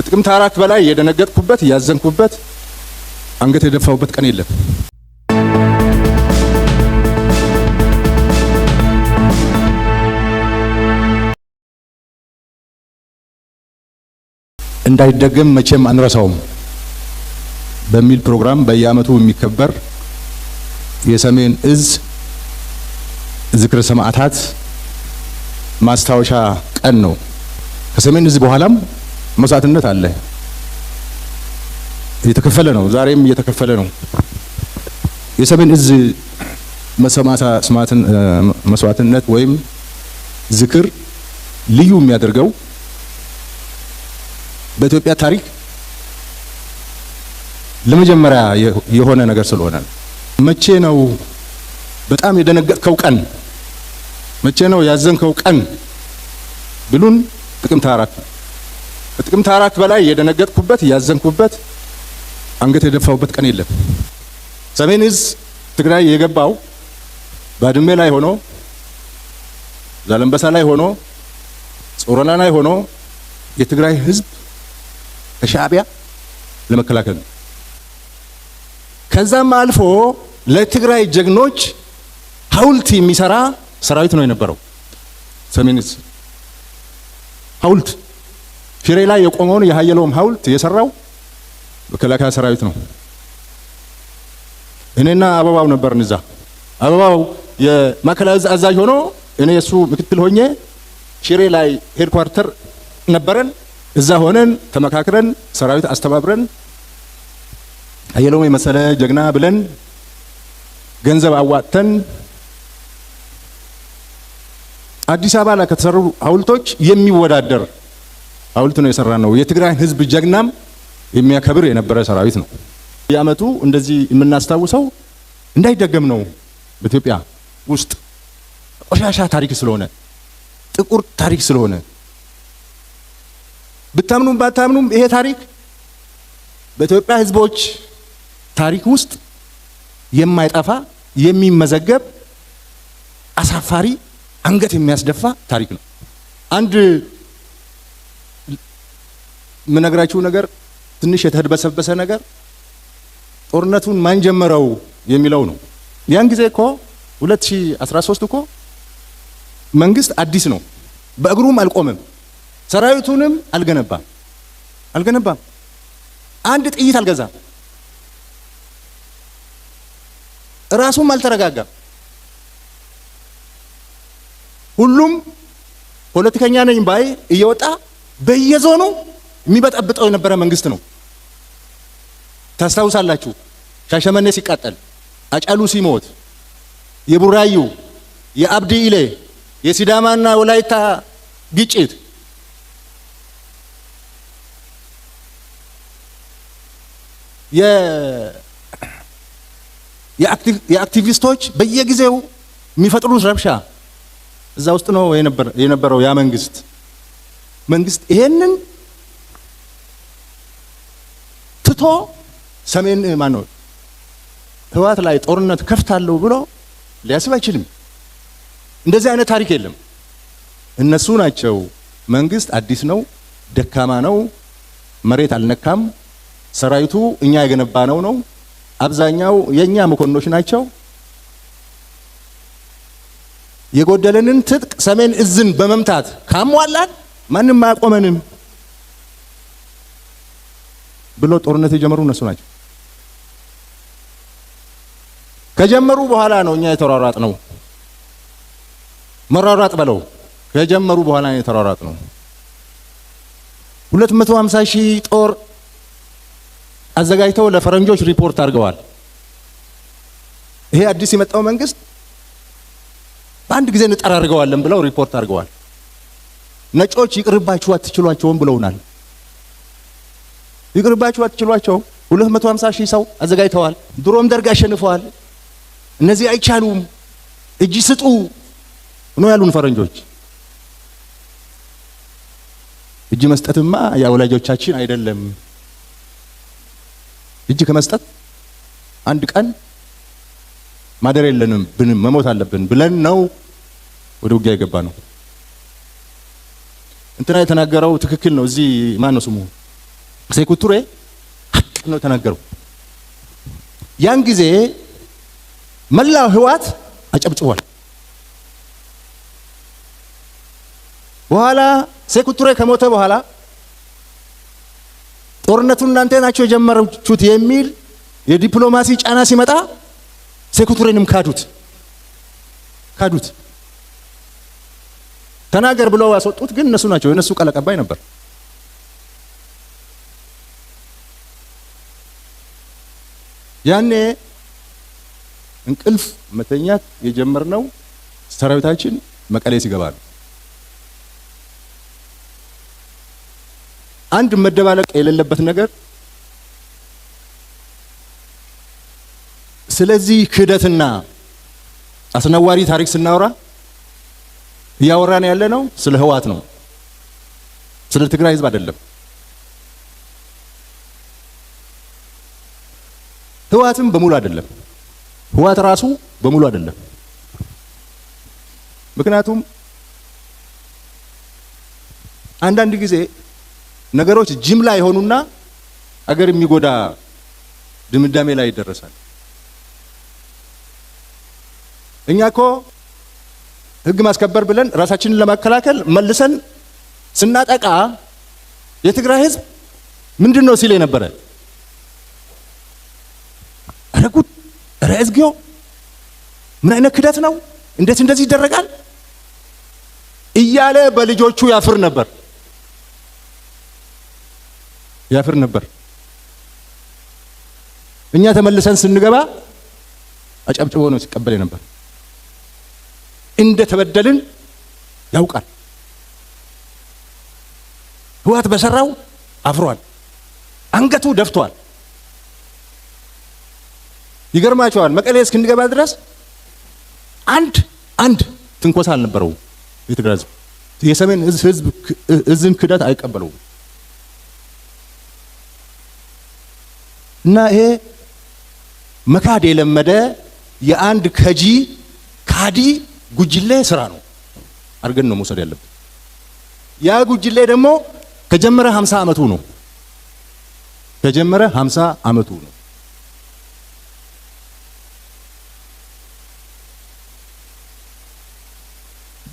ከጥቅምት አራት በላይ የደነገጥኩበት ያዘንኩበት አንገት የደፋሁበት ቀን የለም። እንዳይደገም መቼም አንረሳውም በሚል ፕሮግራም በየዓመቱ የሚከበር የሰሜን እዝ ዝክረ ሰማዕታት ማስታወሻ ቀን ነው። ከሰሜን እዝ በኋላም መስዋዕትነት አለ። እየተከፈለ ነው። ዛሬም እየተከፈለ ነው። የሰሜን እዝ መስዋዕትነት ወይም ዝክር ልዩ የሚያደርገው በኢትዮጵያ ታሪክ ለመጀመሪያ የሆነ ነገር ስለሆነ መቼ ነው በጣም የደነገጥከው ቀን መቼ ነው ያዘንከው ቀን ብሉን ጥቅምት አራት ከጥቅምት አራት በላይ የደነገጥኩበት ያዘንኩበት አንገት የደፋሁበት ቀን የለም። ሰሜን እዝ ትግራይ የገባው ባድሜ ላይ ሆኖ ዛለንበሳ ላይ ሆኖ ጾረና ላይ ሆኖ የትግራይ ህዝብ ከሻዕቢያ ለመከላከል ነው። ከዛም አልፎ ለትግራይ ጀግኖች ሐውልት የሚሰራ ሰራዊት ነው የነበረው ሰሜን እዝ ሐውልት ሽሬ ላይ የቆመውን የሀየለውም ሀውልት የሰራው መከላከያ ሰራዊት ነው። እኔና አበባው ነበርን እዛ። አበባው የማዕከላዊ አዛዥ ሆኖ እኔ እሱ ምክትል ሆኜ ሽሬ ላይ ሄድኳርተር ነበረን። እዛ ሆነን ተመካክረን ሰራዊት አስተባብረን ሀየለውም የመሰለ ጀግና ብለን ገንዘብ አዋጥተን አዲስ አበባ ላይ ከተሰሩ ሀውልቶች የሚወዳደር ሐውልት ነው የሰራ ነው። የትግራይን ህዝብ ጀግናም የሚያከብር የነበረ ሰራዊት ነው። የአመቱ እንደዚህ የምናስታውሰው እንዳይደገም ነው። በኢትዮጵያ ውስጥ ቆሻሻ ታሪክ ስለሆነ ጥቁር ታሪክ ስለሆነ ብታምኑም ባታምኑም ይሄ ታሪክ በኢትዮጵያ ህዝቦች ታሪክ ውስጥ የማይጠፋ የሚመዘገብ አሳፋሪ አንገት የሚያስደፋ ታሪክ ነው። አንድ የምነግራችሁ ነገር ትንሽ የተድበሰበሰ ነገር ጦርነቱን ማን ጀመረው የሚለው ነው። ያን ጊዜ እኮ 2013 እኮ መንግስት አዲስ ነው። በእግሩም አልቆምም፣ ሰራዊቱንም አልገነባም አልገነባም፣ አንድ ጥይት አልገዛም፣ እራሱም አልተረጋጋም። ሁሉም ፖለቲከኛ ነኝ ባይ እየወጣ በየዞኑ የሚበጠብጠው የነበረ መንግስት ነው። ታስታውሳላችሁ። ሻሸመኔ ሲቃጠል፣ አጫሉ ሲሞት፣ የቡራዩ የአብዲ ኢሌ የሲዳማና ወላይታ ግጭት የአክቲቪስቶች በየጊዜው የሚፈጥሩት ረብሻ እዛ ውስጥ ነው የነበረው ያ መንግስት መንግስት ይሄንን ትቶ ሰሜን ማነው ህወሓት ላይ ጦርነት ከፍታለሁ ብሎ ሊያስብ አይችልም። እንደዚህ አይነት ታሪክ የለም። እነሱ ናቸው መንግስት አዲስ ነው፣ ደካማ ነው፣ መሬት አልነካም፣ ሰራዊቱ እኛ የገነባ ነው ነው አብዛኛው የእኛ መኮንኖች ናቸው። የጎደለንን ትጥቅ ሰሜን እዝን በመምታት ካሟላን ማንም አያቆመንም። ብሎ ጦርነት የጀመሩ እነሱ ናቸው። ከጀመሩ በኋላ ነው እኛ የተሯሯጥ ነው። መሯሯጥ በለው ከጀመሩ በኋላ ነው የተሯሯጥ ነው። 250 ሺህ ጦር አዘጋጅተው ለፈረንጆች ሪፖርት አድርገዋል። ይሄ አዲስ የመጣው መንግስት በአንድ ጊዜ እንጠራርገዋለን ብለው ሪፖርት አድርገዋል። ነጮች ይቅርባችሁ፣ አትችሏቸውም ብለውናል። ይቅርባችሁ፣ አትችሏቸውም። ሁለት መቶ ሀምሳ ሺህ ሰው አዘጋጅተዋል። ድሮም ደርግ አሸንፈዋል። እነዚህ አይቻሉም፣ እጅ ስጡ ነው ያሉን ፈረንጆች። እጅ መስጠትማ የወላጆቻችን አይደለም። እጅ ከመስጠት አንድ ቀን ማደር የለንም ብን መሞት አለብን ብለን ነው ወደ ውጊያ የገባ ነው። እንትና የተናገረው ትክክል ነው። እዚህ ማን ነው ስሙ? ሴኩቱሬ ሀቅ ነው ተናገሩ። ያን ጊዜ መላው ህዋት አጨብጭቧል። በኋላ ሴኩቱሬ ከሞተ በኋላ ጦርነቱን እናንተ ናቸው የጀመረችሁት የሚል የዲፕሎማሲ ጫና ሲመጣ ሴኩቱሬንም ካዱት ካዱት። ተናገር ብለው ያስወጡት ግን እነሱ ናቸው። የነሱ ቃል አቀባይ ነበር። ያኔ እንቅልፍ መተኛት የጀመርነው ሰራዊታችን መቀሌ ሲገባ ነው። አንድ መደባለቅ የሌለበት ነገር። ስለዚህ ክህደትና አስነዋሪ ታሪክ ስናወራ እያወራን ያለ ነው ስለ ህወሓት ነው፣ ስለ ትግራይ ህዝብ አይደለም። ህዋትም በሙሉ አይደለም። ህዋት ራሱ በሙሉ አይደለም። ምክንያቱም አንዳንድ ጊዜ ነገሮች ጅምላ የሆኑና አገር የሚጎዳ ድምዳሜ ላይ ይደረሳል። እኛ እኮ ህግ ማስከበር ብለን ራሳችንን ለማከላከል መልሰን ስናጠቃ የትግራይ ህዝብ ምንድን ነው ሲል የነበረ ኧረ ጉድ! ኧረ እዝጊዮ! ምን አይነት ክደት ነው? እንዴት እንደዚህ ይደረጋል? እያለ በልጆቹ ያፍር ነበር ያፍር ነበር። እኛ ተመልሰን ስንገባ አጨብጭቦ ነው ሲቀበል ነበር። እንደ ተበደልን ያውቃል። ህወሓት በሰራው አፍሯል። አንገቱ ደፍቷል። ይገርማቸዋል። መቀሌ እስክንገባ ድረስ አንድ አንድ ትንኮሳ አልነበረው። የትግራይ ህዝብ የሰሜን ህዝብ እዝም ክደት አይቀበለው እና ይሄ መካድ የለመደ የአንድ ከጂ ካዲ ጉጅሌ ስራ ነው አድርገን ነው መውሰድ ያለብን። ያ ጉጅሌ ደግሞ ከጀመረ 50 አመቱ ነው። ከጀመረ 50 አመቱ ነው።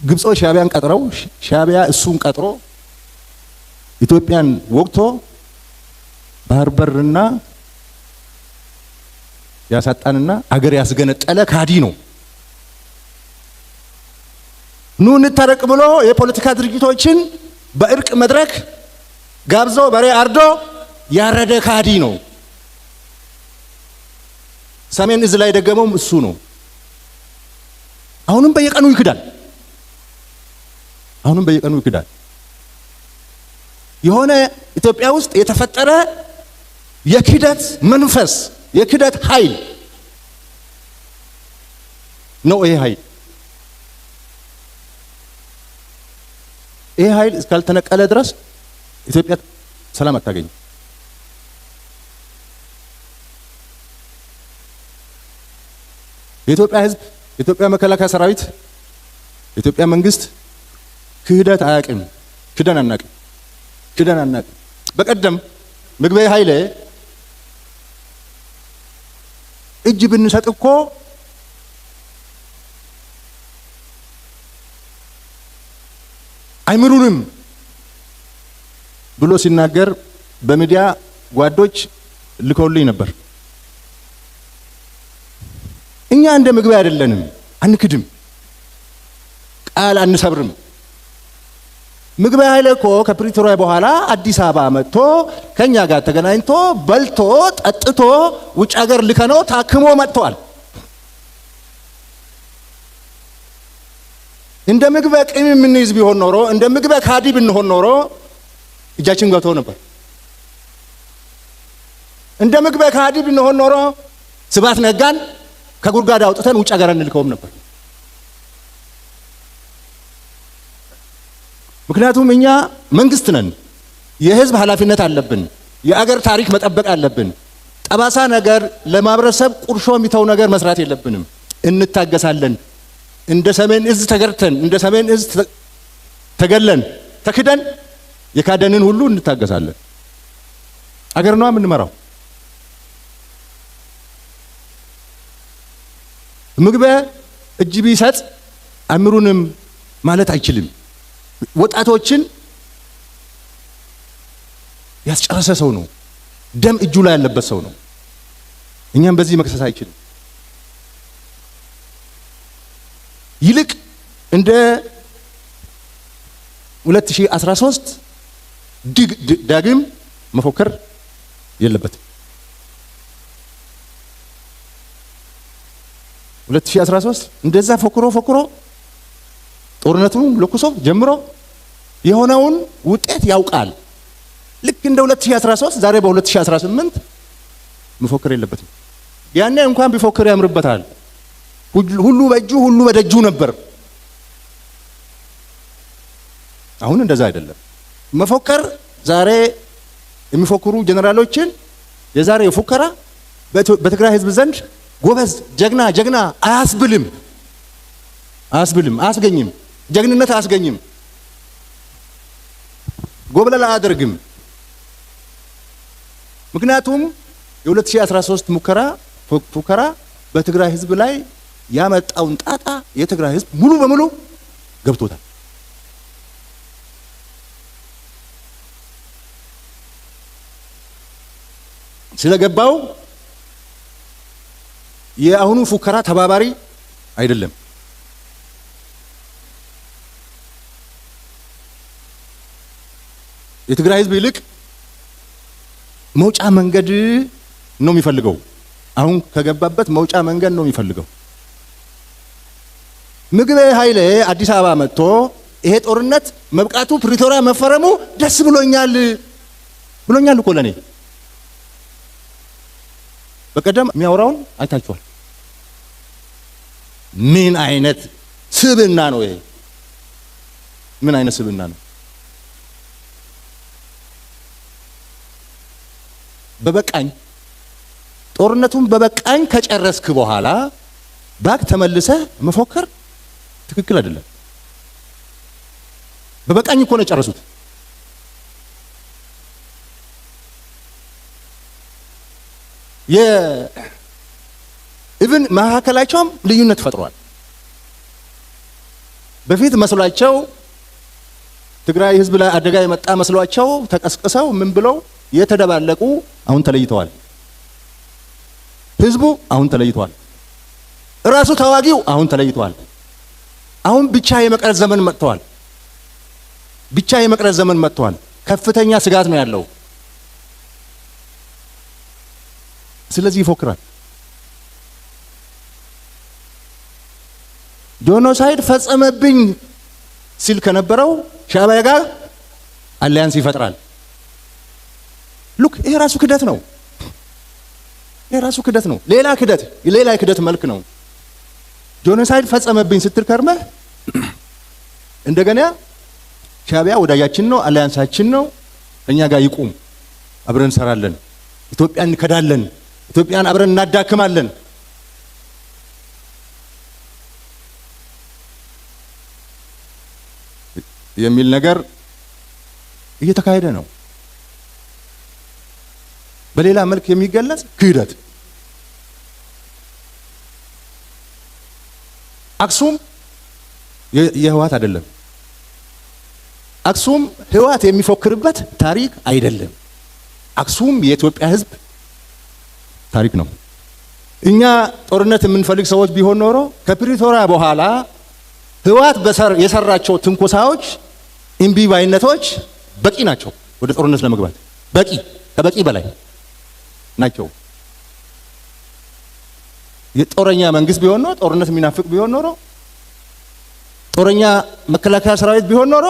ግብጾች ሻቢያን ቀጥረው ሻቢያ እሱን ቀጥሮ ኢትዮጵያን ወቅቶ ባህር በርና ያሳጣንና አገር ያስገነጠለ ካዲ ነው። ኑ እንታረቅ ብሎ የፖለቲካ ድርጅቶችን በእርቅ መድረክ ጋብዞ በሬ አርዶ ያረደ ካዲ ነው። ሰሜን እዝ ላይ ደገመውም እሱ ነው። አሁንም በየቀኑ ይክዳል። አሁንም በየቀኑ ይክዳል። የሆነ ኢትዮጵያ ውስጥ የተፈጠረ የክደት መንፈስ የክደት ኃይል ነው። ይሄ ኃይል ይሄ ኃይል እስካልተነቀለ ድረስ ኢትዮጵያ ሰላም አታገኝ። የኢትዮጵያ ሕዝብ፣ የኢትዮጵያ መከላከያ ሰራዊት፣ የኢትዮጵያ መንግስት ክህደት አያቅም። ክደን አናቅም። ክደን አናቅም። በቀደም ምግበይ ኃይሌ እጅ ብንሰጥ እኮ አይምሩንም ብሎ ሲናገር በሚዲያ ጓዶች ልከውልኝ ነበር። እኛ እንደ ምግቤ አይደለንም፣ አንክድም፣ ቃል አንሰብርም። ምግበ ኃይለ እኮ ከፕሪቶሪያ በኋላ አዲስ አበባ መጥቶ ከኛ ጋር ተገናኝቶ በልቶ ጠጥቶ ውጭ ሀገር ልከነው ታክሞ መጥቷል። እንደ ምግበ ቂም የምንይዝ ቢሆን ኖሮ እንደ ምግበ ካዲ ብንሆን ኖሮ እጃችን ገብቶ ነበር። እንደ ምግበ ካዲ ብንሆን ኖሮ ስባት ነጋን ከጉድጓድ አውጥተን ውጭ ሀገር እንልከውም ነበር። ምክንያቱም እኛ መንግስት ነን። የህዝብ ኃላፊነት አለብን። የአገር ታሪክ መጠበቅ አለብን። ጠባሳ ነገር ለማህበረሰብ ቁርሾ የሚተው ነገር መስራት የለብንም። እንታገሳለን። እንደ ሰሜን እዝ ተገርተን እንደ ሰሜን እዝ ተገለን ተክደን የካደንን ሁሉ እንታገሳለን። አገር ነዋ የምንመራው። ምግበ እጅ ቢሰጥ አእምሩንም ማለት አይችልም። ወጣቶችን ያስጨረሰ ሰው ነው። ደም እጁ ላይ ያለበት ሰው ነው። እኛም በዚህ መክሰስ አይችልም። ይልቅ እንደ 2013 ዳግም መፎከር የለበትም። 2013 እንደዛ ፎክሮ ፎክሮ ጦርነቱን ለኩሶ ጀምሮ የሆነውን ውጤት ያውቃል። ልክ እንደ 2013 ዛሬ በ2018 መፎከር የለበትም። ያኔ እንኳን ቢፎክር ያምርበታል። ሁሉ በእጁ ሁሉ በደጁ ነበር። አሁን እንደዛ አይደለም። መፎከር ዛሬ የሚፎክሩ ጀነራሎችን የዛሬ የፎከራ በትግራይ ህዝብ ዘንድ ጎበዝ፣ ጀግና ጀግና አያስብልም አያስብልም አያስገኝም። ጀግንነት አያስገኝም፣ ጎብለል አያደርግም። ምክንያቱም የ2013 ሙከራ ፉከራ በትግራይ ህዝብ ላይ ያመጣውን ጣጣ የትግራይ ህዝብ ሙሉ በሙሉ ገብቶታል። ስለገባው የአሁኑ ፉከራ ተባባሪ አይደለም። የትግራይ ህዝብ ይልቅ መውጫ መንገድ ነው የሚፈልገው። አሁን ከገባበት መውጫ መንገድ ነው የሚፈልገው። ምግቤ ኃይሌ አዲስ አበባ መጥቶ ይሄ ጦርነት መብቃቱ ፕሪቶሪያ መፈረሙ ደስ ብሎኛል ብሎኛል እኮ ለእኔ። በቀደም የሚያወራውን አይታችኋል። ምን አይነት ስብና ነው ይሄ? ምን አይነት ስብና ነው? በበቃኝ ጦርነቱን በበቃኝ ከጨረስክ በኋላ ባክ ተመልሰህ መፎከር ትክክል አይደለም። በበቃኝ እኮ ነው የጨረሱት። የኢቭን መካከላቸውም ልዩነት ፈጥሯል። በፊት መስሏቸው ትግራይ ህዝብ ላይ አደጋ የመጣ መስሏቸው ተቀስቅሰው ምን ብለው የተደባለቁ አሁን ተለይተዋል። ህዝቡ አሁን ተለይተዋል። እራሱ ተዋጊው አሁን ተለይተዋል። አሁን ብቻ የመቅረት ዘመን መጥተዋል። ብቻ የመቅረት ዘመን መጥተዋል። ከፍተኛ ስጋት ነው ያለው። ስለዚህ ይፎክራል። ጆኖሳይድ ፈጸመብኝ ሲል ከነበረው ሻዕቢያ ጋር አሊያንስ ይፈጥራል። ሉክ ይሄ ራሱ ክደት ነው። ይሄ ራሱ ክደት ነው። ሌላ ክደት፣ ሌላ ክደት መልክ ነው። ጆኖሳይድ ፈጸመብኝ ስትል ከርመህ እንደገና ሻቢያ ወዳጃችን ነው፣ አሊያንሳችን ነው፣ እኛ ጋር ይቁም፣ አብረን እንሰራለን፣ ኢትዮጵያን እንከዳለን፣ ኢትዮጵያን አብረን እናዳክማለን የሚል ነገር እየተካሄደ ነው። በሌላ መልክ የሚገለጽ ክህደት። አክሱም የህወሓት አይደለም። አክሱም ህወሓት የሚፎክርበት ታሪክ አይደለም። አክሱም የኢትዮጵያ ህዝብ ታሪክ ነው። እኛ ጦርነት የምንፈልግ ሰዎች ቢሆን ኖሮ ከፕሪቶሪያ በኋላ ህወሓት የሰራቸው ትንኮሳዎች፣ እምቢባይነቶች በቂ ናቸው ወደ ጦርነት ለመግባት በቂ ከበቂ በላይ ናቸው። የጦረኛ መንግስት ቢሆን ኖሮ ጦርነት የሚናፍቅ ቢሆን ኖሮ ጦረኛ መከላከያ ሰራዊት ቢሆን ኖሮ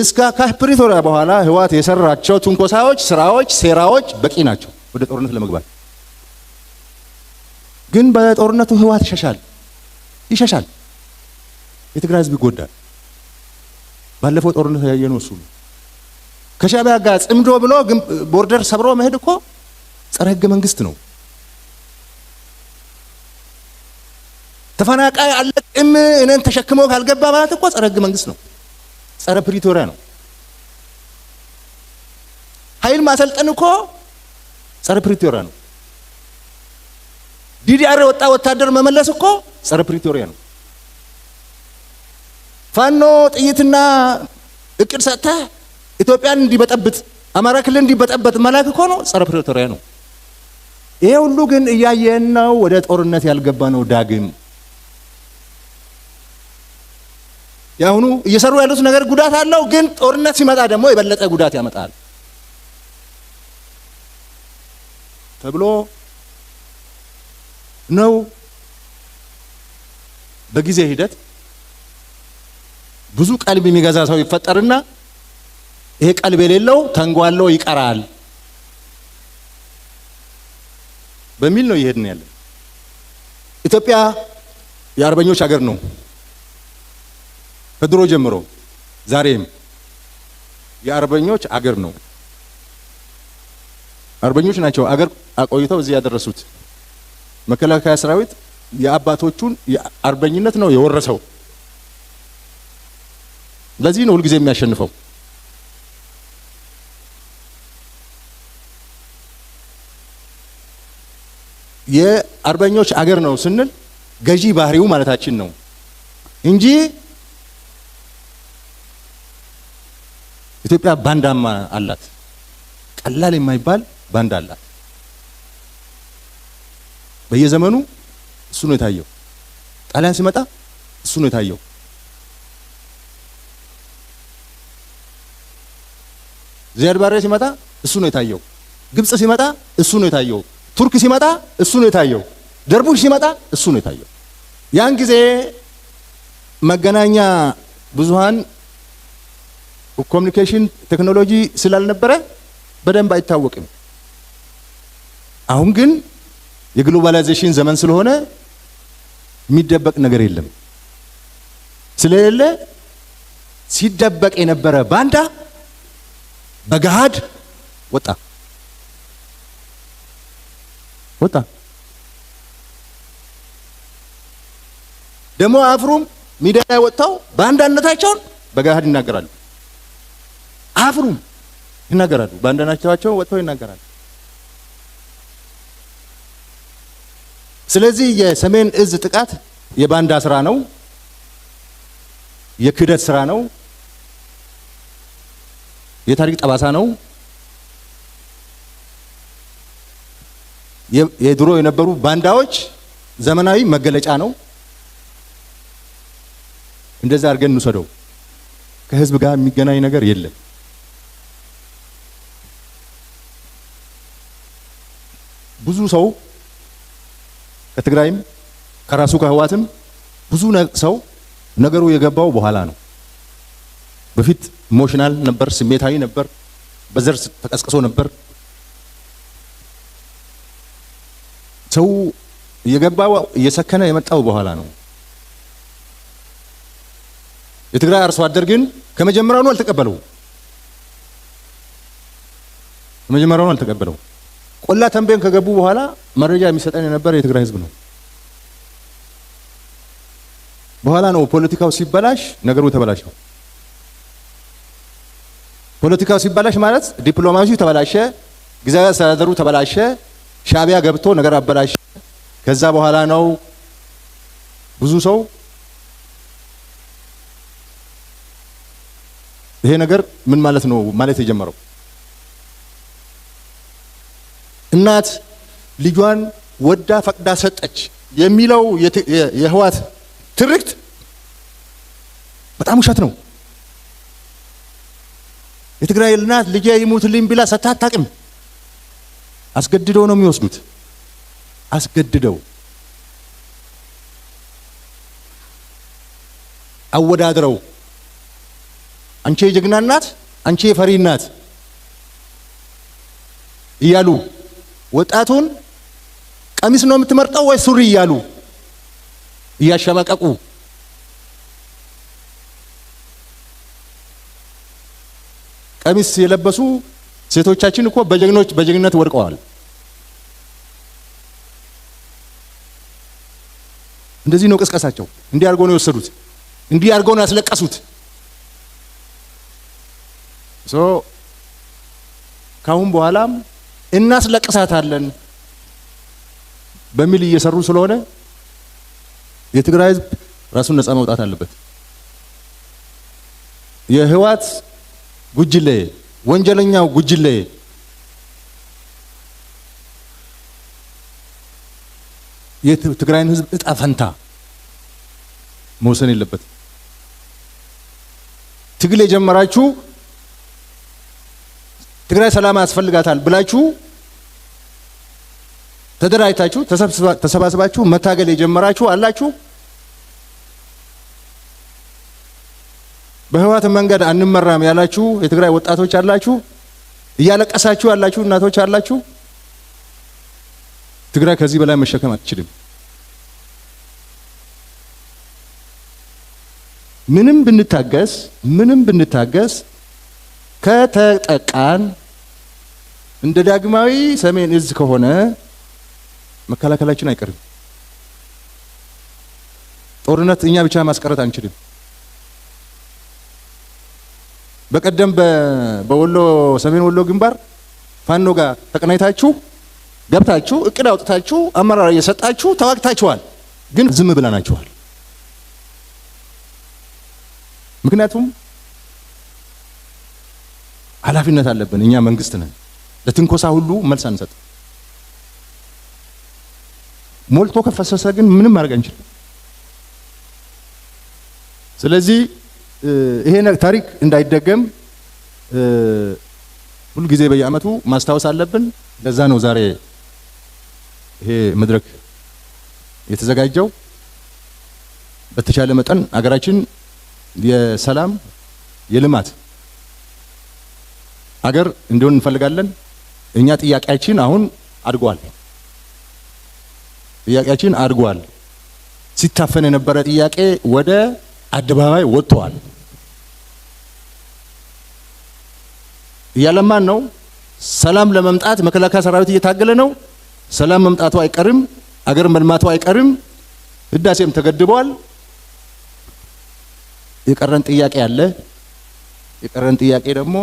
እስከ ከፕሪቶሪያ በኋላ ህወሓት የሰራቸው ትንኮሳዎች፣ ስራዎች፣ ሴራዎች በቂ ናቸው ወደ ጦርነት ለመግባት። ግን በጦርነቱ ህወሓት ይሸሻል ይሸሻል። የትግራይ ህዝብ ይጎዳል። ባለፈው ጦርነት ያየነው እሱ ነው። ከሻቢያ ጋር ጽምዶ ብሎ ቦርደር ሰብሮ መሄድ እኮ ጸረ ህገ መንግስት ነው። ተፈናቃይ አለቅም እኔን ተሸክሞ ካልገባ ማለት እኮ ጸረ ህገ መንግስት ነው፣ ጸረ ፕሪቶሪያ ነው። ኃይል ማሰልጠን እኮ ጸረ ፕሪቶሪያ ነው። ዲዲአር ወጣ ወታደር መመለስ እኮ ጸረ ፕሪቶሪያ ነው። ፋኖ ጥይትና እቅድ ሰጥተህ ኢትዮጵያን እንዲበጠብጥ አማራ ክልል እንዲበጠበጥ መላክ እኮ ነው፣ ጸረ ፕሪቶሪያ ነው። ይሄ ሁሉ ግን እያየን ነው ወደ ጦርነት ያልገባ ነው። ዳግም የአሁኑ እየሰሩ ያሉት ነገር ጉዳት አለው፣ ግን ጦርነት ሲመጣ ደግሞ የበለጠ ጉዳት ያመጣል ተብሎ ነው በጊዜ ሂደት ብዙ ቀልብ የሚገዛ ሰው ይፈጠርና ይሄ ቀልብ የሌለው ተንጓሎ ይቀራል። በሚል ነው ይሄድን ያለን። ኢትዮጵያ የአርበኞች ሀገር ነው ከድሮ ጀምሮ፣ ዛሬም የአርበኞች አገር ነው። አርበኞች ናቸው አገር አቆይተው እዚህ ያደረሱት። መከላከያ ሰራዊት የአባቶቹን አርበኝነት ነው የወረሰው። ለዚህ ነው ሁልጊዜ የሚያሸንፈው። የአርበኞች አገር ነው ስንል ገዢ ባህሪው ማለታችን ነው እንጂ ኢትዮጵያ ባንዳማ አላት፣ ቀላል የማይባል ባንዳ አላት። በየዘመኑ እሱ ነው የታየው። ጣሊያን ሲመጣ እሱ ነው የታየው። ዚያድ ባሬ ሲመጣ እሱ ነው የታየው። ግብፅ ሲመጣ እሱ ነው የታየው። ቱርክ ሲመጣ እሱ ነው የታየው። ደርቡሽ ሲመጣ እሱ ነው የታየው። ያን ጊዜ መገናኛ ብዙሃን ኮሚኒኬሽን ቴክኖሎጂ ስላልነበረ በደንብ አይታወቅም። አሁን ግን የግሎባላይዜሽን ዘመን ስለሆነ የሚደበቅ ነገር የለም። ስለሌለ ሲደበቅ የነበረ ባንዳ በገሃድ ወጣ። ወጣ። ደግሞ አፍሩም ሚዲያ ላይ ወጥተው ባንዳነታቸውን በገሃድ ይናገራሉ። አፍሩም ይናገራሉ፣ በአንዳነታቸው ወጥተው ይናገራሉ። ስለዚህ የሰሜን እዝ ጥቃት የባንዳ ስራ ነው፣ የክህደት ስራ ነው፣ የታሪክ ጠባሳ ነው። የድሮ የነበሩ ባንዳዎች ዘመናዊ መገለጫ ነው። እንደዛ አድርገን እንውሰደው። ከህዝብ ጋር የሚገናኝ ነገር የለም። ብዙ ሰው ከትግራይም ከራሱ ከህዋትም ብዙ ሰው ነገሩ የገባው በኋላ ነው። በፊት ኢሞሽናል ነበር፣ ስሜታዊ ነበር፣ በዘር ተቀስቅሶ ነበር። ሰው የገባው እየሰከነ የመጣው በኋላ ነው። የትግራይ አርሶ አደር ግን ከመጀመሪያውኑ አልተቀበለው ከመጀመሪያውኑ አልተቀበለው። ቆላ ተንቤን ከገቡ በኋላ መረጃ የሚሰጠን የነበረ የትግራይ ህዝብ ነው። በኋላ ነው ፖለቲካው ሲበላሽ ነገሩ ተበላሸው። ፖለቲካው ሲበላሽ ማለት ዲፕሎማሲው ተበላሸ፣ ጊዜያዊ አስተዳደሩ ተበላሸ፣ ሻቢያ ገብቶ ነገር አበላሽ። ከዛ በኋላ ነው ብዙ ሰው ይሄ ነገር ምን ማለት ነው ማለት የጀመረው። እናት ልጇን ወዳ ፈቅዳ ሰጠች የሚለው የህዋት ትርክት በጣም ውሸት ነው። የትግራይ እናት ልጄ ይሙትልኝ ብላ ሰጥታ አታውቅም። አስገድደው ነው የሚወስዱት። አስገድደው አወዳድረው አንቺ የጀግና ናት፣ አንቺ የፈሪ ናት እያሉ ወጣቱን ቀሚስ ነው የምትመርጠው ወይ ሱሪ እያሉ እያሸመቀቁ ቀሚስ የለበሱ ሴቶቻችን እኮ በጀግኖች በጀግነት ወድቀዋል። እንደዚህ ነው ቅስቀሳቸው። እንዲህ አድርገው ነው የወሰዱት። እንዲህ አድርገው ነው ያስለቀሱት። ሶ ካሁን በኋላም እናስለቅሳታለን በሚል እየሰሩ ስለሆነ የትግራይ ህዝብ ራሱን ነፃ መውጣት አለበት። የህወሓት ጉጅለ ወንጀለኛው ጉጅሌ የትግራይን ህዝብ እጣ ፈንታ መውሰን የለበት። ትግል የጀመራችሁ ትግራይ ሰላም ያስፈልጋታል ብላችሁ ተደራጅታችሁ ተሰባስባችሁ መታገል የጀመራችሁ አላችሁ። በህወሓት መንገድ አንመራም ያላችሁ የትግራይ ወጣቶች አላችሁ፣ እያለቀሳችሁ ያላችሁ እናቶች አላችሁ። ትግራይ ከዚህ በላይ መሸከም አትችልም። ምንም ብንታገስ ምንም ብንታገስ ከተጠቃን እንደ ዳግማዊ ሰሜን እዝ ከሆነ መከላከላችን አይቀርም። ጦርነት እኛ ብቻ ማስቀረት አንችልም። በቀደም በወሎ ሰሜን ወሎ ግንባር ፋኖ ጋር ተቀናይታችሁ ገብታችሁ እቅድ አውጥታችሁ አመራር እየሰጣችሁ ተዋግታችኋል፣ ግን ዝም ብለናችኋል። ምክንያቱም ኃላፊነት አለብን። እኛ መንግስት ነን። ለትንኮሳ ሁሉ መልስ አንሰጥ። ሞልቶ ከፈሰሰ ግን ምንም ማድረግ አንችልም። ስለዚህ ይሄ ታሪክ እንዳይደገም ጊዜ በየአመቱ ማስታወስ አለብን። ለዛ ነው ዛሬ ይሄ መድረክ የተዘጋጀው። በተቻለ መጠን አገራችን የሰላም የልማት አገር እንዲሆን እንፈልጋለን። እኛ ጥያቄያችን አሁን አድጓል። ጥያቄያችን አድጓል። ሲታፈን የነበረ ጥያቄ ወደ አደባባይ ወጥተዋል። እያለማን ነው። ሰላም ለመምጣት መከላከያ ሰራዊት እየታገለ ነው። ሰላም መምጣቱ አይቀርም። አገር መልማቱ አይቀርም። ህዳሴም ተገድቧል። የቀረን ጥያቄ አለ። የቀረን ጥያቄ ደግሞ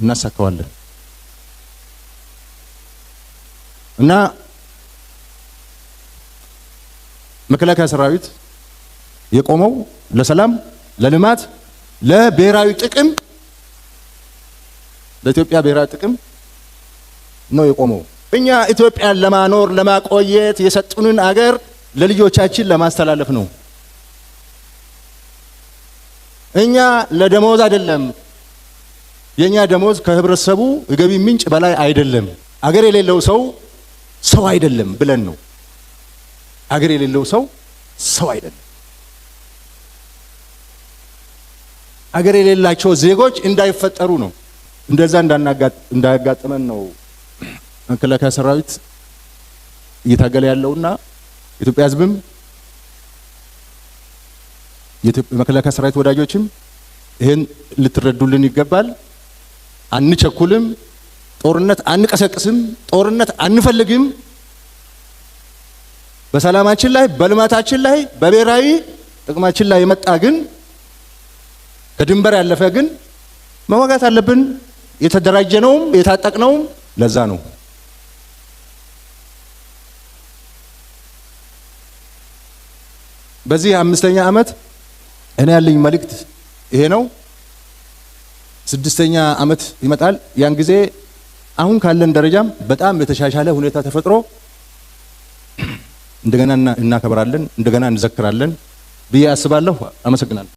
እናሳካዋለን እና መከላከያ ሰራዊት የቆመው ለሰላም፣ ለልማት፣ ለብሔራዊ ጥቅም ለኢትዮጵያ ብሔራዊ ጥቅም ነው የቆመው። እኛ ኢትዮጵያን ለማኖር ለማቆየት የሰጡንን አገር ለልጆቻችን ለማስተላለፍ ነው። እኛ ለደሞዝ አይደለም። የኛ ደሞዝ ከህብረተሰቡ የገቢ ምንጭ በላይ አይደለም። አገር የሌለው ሰው ሰው አይደለም ብለን ነው። አገር የሌለው ሰው ሰው አይደለም። አገር የሌላቸው ዜጎች እንዳይፈጠሩ ነው። እንደዛ እንዳያጋጥመን ነው መከላከያ ሰራዊት እየታገለ ያለውና ኢትዮጵያ ሕዝብም የመከላከያ ሰራዊት ወዳጆችም ይህን ልትረዱልን ይገባል። አንቸኩልም። ጦርነት አንቀሰቅስም። ጦርነት አንፈልግም። በሰላማችን ላይ በልማታችን ላይ በብሔራዊ ጥቅማችን ላይ የመጣ ግን ከድንበር ያለፈ ግን መዋጋት አለብን። የተደራጀ የታጠቅ የታጠቅነውም ለዛ ነው። በዚህ አምስተኛ ዓመት እኔ ያለኝ መልእክት ይሄ ነው። ስድስተኛ ዓመት ይመጣል። ያን ጊዜ አሁን ካለን ደረጃም በጣም የተሻሻለ ሁኔታ ተፈጥሮ እንደገና እናከብራለን፣ እንደገና እንዘክራለን ብዬ አስባለሁ። አመሰግናለሁ።